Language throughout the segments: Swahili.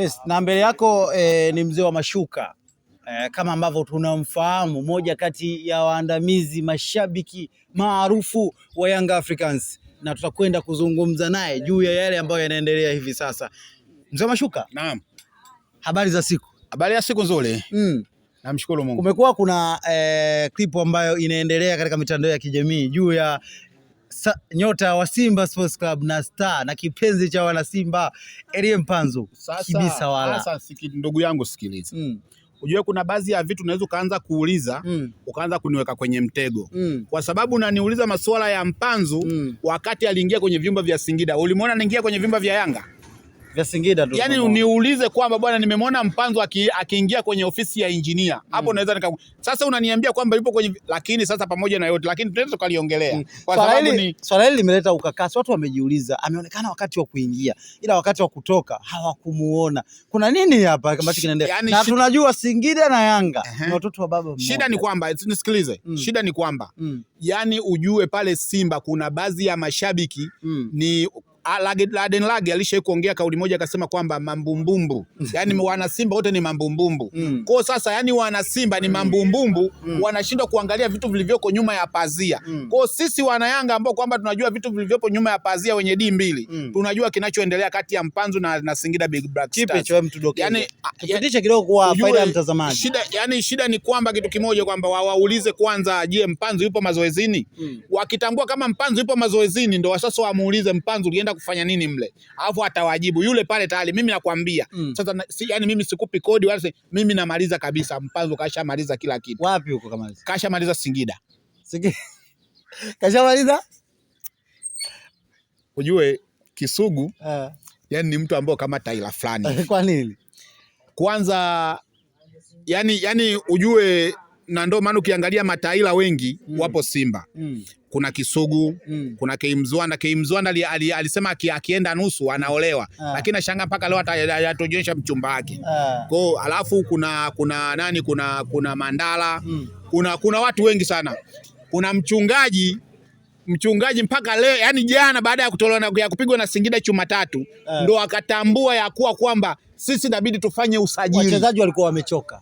Yes, na mbele yako eh, ni mzee wa mashuka eh, kama ambavyo tunamfahamu, moja kati ya waandamizi mashabiki maarufu wa Young Africans, na tutakwenda kuzungumza naye juu ya yale ambayo yanaendelea hivi sasa. Mzee wa mashuka, naam, habari za siku? Habari ya siku nzuri. Mm. Namshukuru Mungu. Kumekuwa kuna eh, klipu ambayo inaendelea katika mitandao ya kijamii juu ya sa, nyota wa Simba Sports Club na star na kipenzi cha wana Simba Elie Mpanzu kibisa wala. Sasa ndugu yangu sikiliza, mm. Ujue kuna baadhi ya vitu unaweza ukaanza kuuliza mm. ukaanza kuniweka kwenye mtego mm. kwa sababu unaniuliza masuala ya Mpanzu mm. wakati aliingia kwenye vyumba vya Singida, ulimuona anaingia kwenye vyumba vya Yanga? vya Singida tu. Yaani niulize kwamba bwana, nimemwona mpanzo akiingia aki kwenye ofisi ya injinia hapo mm. Naweza nika sasa unaniambia kwamba yupo kwenye, lakini sasa pamoja na yote lakini tunaweza tukaliongelea mm. Kwa sababu ni swala hili limeleta ukakasi, watu wamejiuliza, ameonekana wakati wa kuingia, ila wakati wa kutoka hawakumuona. Kuna nini hapa ambacho kinaendelea? Yani, na tunajua Singida na Yanga uh -huh. na watoto wa baba mmoja. Shida ni kwamba nisikilize mm. Shida ni kwamba mm. yani ujue pale Simba kuna baadhi ya mashabiki mm. ni Laden Lage alishai kuongea kauli moja akasema kwamba mambumbumbu, mm. yani wana Simba wote ni mambumbumbu mm. Kwa sasa yani wana Simba ni mm. mambumbumbu mm. Wanashindwa kuangalia vitu vilivyoko nyuma ya pazia mm. Kwa sisi wana Yanga ambao kwamba tunajua vitu vilivyopo nyuma ya pazia wenye di mbili mm. Tunajua kinachoendelea kati ya Mpanzu na, na Singida Big Black Stars. Yani, tufundishe kidogo kwa faida ya mtazamaji. Shida, yani shida ni kwamba kitu kimoja kwamba waulize kwanza, je, Mpanzu yupo mazoezini mm. Wakitambua kama Mpanzu yupo mazoezini ndio sasa wamuulize Mpanzu ulienda kufanya nini mle, alafu atawajibu yule pale tayari, mimi nakwambia mm. Sasa na, si, yani mimi sikupi kodi wala mimi namaliza kabisa. Mpanzo kashamaliza kila kitu. Wapi huko kamaliza? Kashamaliza Singida, Singida. kashamaliza ujue Kisugu uh. Yani ni mtu ambaye kama taila fulani. Kwa nini? Kwanza yani, yani ujue na ndio maana ukiangalia mataila wengi mm. wapo Simba mm. kuna Kisugu mm. kuna Keimzwana. Keimzwana ali, ali, alisema aki, akienda nusu anaolewa ah. lakini ashanga mpaka leo hatujaonyesha mchumba wake ah. ko Alafu kuna kuna nani kuna kuna Mandala mm. kuna kuna watu wengi sana, kuna mchungaji mchungaji mpaka leo yani, jana baada ya kutolewa na ya kupigwa na Singida chuma tatu ah. ndo akatambua ya kuwa kwamba sisi inabidi tufanye usajili. Wachezaji walikuwa wamechoka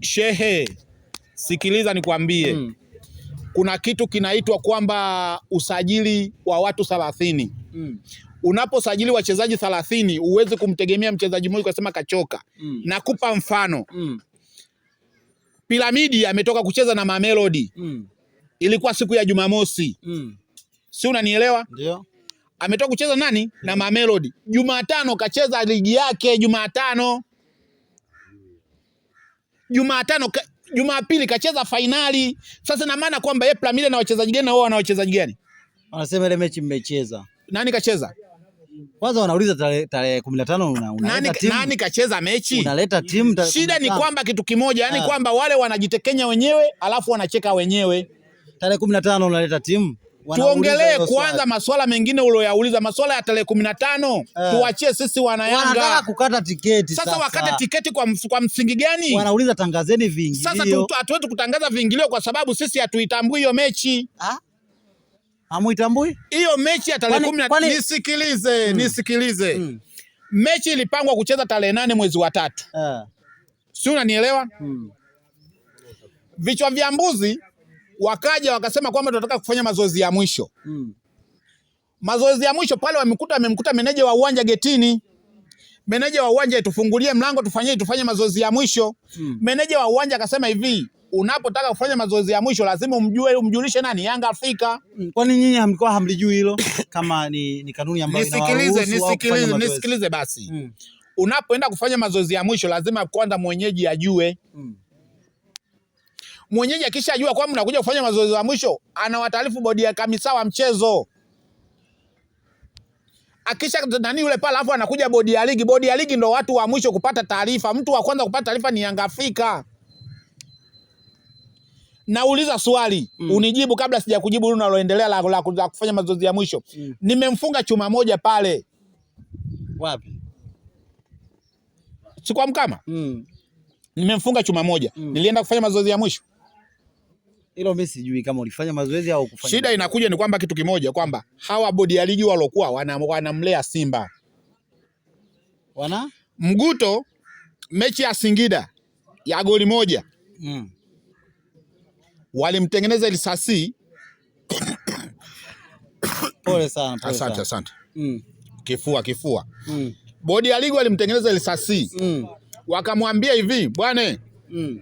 shehe Sikiliza nikwambie, mm. kuna kitu kinaitwa kwamba usajili wa watu thelathini mm. Unaposajili wachezaji thelathini huwezi kumtegemea mchezaji mmoja ukasema kachoka mm. Nakupa mfano mm. Piramidi ametoka kucheza na Mamelodi mm. ilikuwa siku ya Jumamosi mm. si unanielewa? Ndio. ametoka kucheza nani? mm. na Mamelodi Jumatano kacheza ligi yake Jumatano Jumatano Jumapili kacheza fainali. Sasa ina maana kwamba yeye Plamile na wachezaji gani na wao wana wachezaji gani? Wanasema ile mechi mmecheza. Nani kacheza? Kwanza wanauliza tarehe 15 una, una nani, timu. Nani kacheza mechi? Unaleta timu. shida ni kwamba kitu kimoja, yani ah. kwamba wale wanajitekenya wenyewe alafu wanacheka wenyewe. Tarehe 15 unaleta timu tuongelee kwanza maswala mengine ulioyauliza, maswala ya tarehe kumi na tano eh, tuachie sisi wanayanga. Wanataka kukata tiketi sasa, sasa wakate tiketi kwa, ms, kwa msingi gani? Wanauliza tangazeni viingilio. Sasa hatuwezi kutangaza viingilio kwa sababu sisi hatuitambui hiyo mechi ha? Hamuitambui hiyo mechi ya tarehe kumi na tano. Nisikilize, hmm. nisikilize hmm. mechi ilipangwa kucheza tarehe nane mwezi wa tatu eh. si unanielewa? hmm. vichwa vya mbuzi wakaja wakasema kwamba tunataka kufanya mazoezi ya mwisho mm. Mazoezi ya mwisho pale wamekuta amemkuta meneja wa uwanja getini. Meneja wa uwanja tufungulie mlango tufanye tufanye mazoezi ya mwisho mm. Meneja wa uwanja akasema hivi, unapotaka kufanya mazoezi ya mwisho lazima umjue umjulishe nani Yanga Afrika mm. Kwani nyinyi hamkuwa hamlijui hilo kama ni, ni kanuni ambayo nisikilize, nisikilize, nisikilize basi mm. Unapoenda kufanya mazoezi ya mwisho lazima kwanza mwenyeji ajue mm mwenyeji akishajua kwamba mnakuja kufanya mazoezi ya mwisho, anawataarifu bodi ya kamisa wa mchezo akisha nani yule pale, alafu anakuja bodi ya ligi. Bodi ya ligi ndo watu wa mwisho kupata taarifa. Mtu wa kwanza kupata taarifa ni Yanga Afrika. Nauliza swali mm. unijibu kabla sija kujibu lile unaloendelea la, la, la kufanya mazoezi ya mwisho mm. nimemfunga chuma moja pale, wapi? si Mkama mm. nimemfunga chuma moja mm. nilienda kufanya mazoezi ya mwisho mm. Hilo mimi sijui kama ulifanya mazoezi au kufanya. Shida inakuja ni kwamba kitu kimoja kwamba hawa bodi ya ligi walokuwa wanamlea Simba wana Mguto mechi ya Singida ya goli moja mm. walimtengeneza lisasi pole sana, pole asante, sana. Asante. Mm. kifua kifua mm. bodi ya ligi walimtengeneza lisasi mm. wakamwambia hivi bwana mm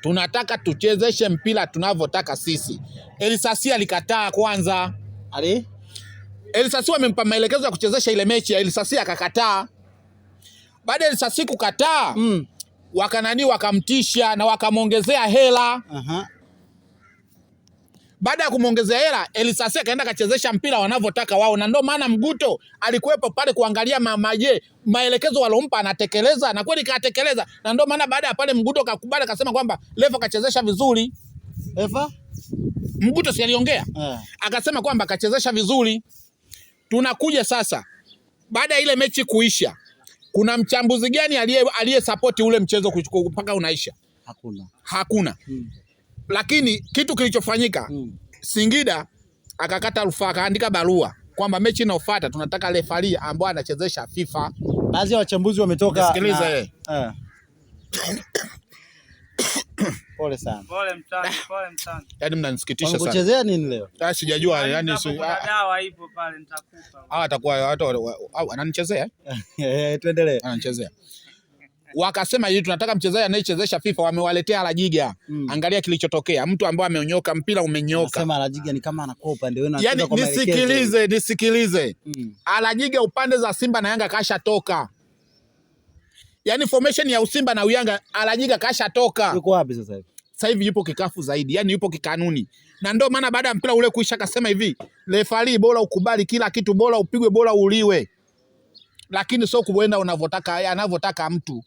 tunataka tuchezeshe mpira tunavyotaka sisi. Elisasi alikataa kwanza, ali Elisasi wamempa maelekezo ya kuchezesha ile mechi ya Elisasi akakataa. Baada ya Elisasi kukataa mm. wakanani wakamtisha na wakamwongezea hela uh -huh baada ya kumwongezea hela Elisasi akaenda kachezesha mpira wanavyotaka wao, na ndio maana Mguto alikuwepo pale kuangalia mamaje maelekezo walompa anatekeleza, na kweli katekeleza. Na ndio maana baada ya pale Mguto kakubali akasema kwamba Levo kachezesha vizuri. Eva Mguto si aliongea eh, akasema kwamba kachezesha vizuri. Tunakuja sasa, baada ya ile mechi kuisha, kuna mchambuzi gani aliye aliye support ule mchezo mpaka unaisha? Hakuna, hakuna hmm lakini kitu kilichofanyika mm. Singida akakata rufaa akaandika barua kwamba mechi inayofuata tunataka refari ambaye anachezesha FIFA. Baadhi ya wachambuzi wametoka, sikiliza yeye eh. Pole sana. Pole mtani, pole mtani. Yaani mnanisikitisha sana. Unachezea nini leo? Ah, sijajua yani yaani si dawa ipo pale nitakupa. Ah, atakuwa ananichezea. Eh, tuendelee. Ananichezea wakasema hivi, tunataka mchezaji anayechezesha FIFA, wamewaletea Alajiga mm. Angalia kilichotokea, mtu ambaye amenyoka, mpira umenyoka. Nasema Alajiga ni kama anakuwa upande wenu, yani nisikilize, nisikilize mm. Alajiga upande za Simba na Yanga kasha toka. yani formation ya Usimba na Uyanga, Alajiga toka. Yuko wapi sasa hivi? Sasa hivi yupo kikafu zaidi, yani yupo kikanuni, na ndio maana baada ya mpira ule kuisha akasema hivi, refali, bora ukubali kila kitu, bora upigwe, bora uliwe, lakini sio kuenda unavyotaka, anavyotaka mtu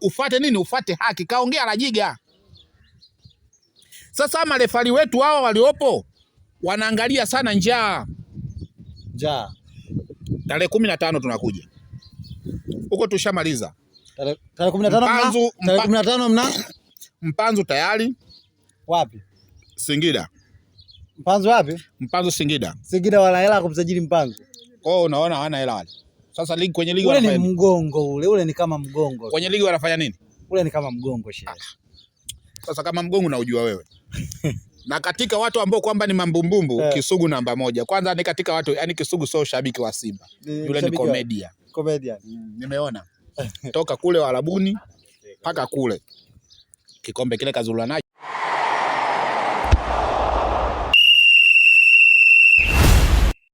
ufate nini? Ufate haki. Kaongea Rajiga. Sasa marefari wetu hawa waliopo wanaangalia sana njaa, njaa. Tarehe kumi na tano tunakuja huko, tushamaliza tarehe kumi na tano Mpanzu, mna Mpanzu tayari. Wapi? Singida. Mpanzu wapi? Mpanzu Singida. Singida wana hela kumsajili Mpanzu. Oh, unaona wana hela wale. Sasa ligi kwenye ligi ule ni mgongo ule, ule ni kama mgongo. Kwenye ligi wanafanya nini? Ule ni kama mgongo shehe. Ah. Sasa kama mgongo na wewe. na katika watu ambao kwamba ni mambumbumbu yeah. Kisugu namba moja kwanza ni katika watu yani, Kisugu sio shabiki wa Simba yule, ni komedia komedia. Mm, nimeona toka kule Warabuni mpaka kule kikombe kile kazulua nacho.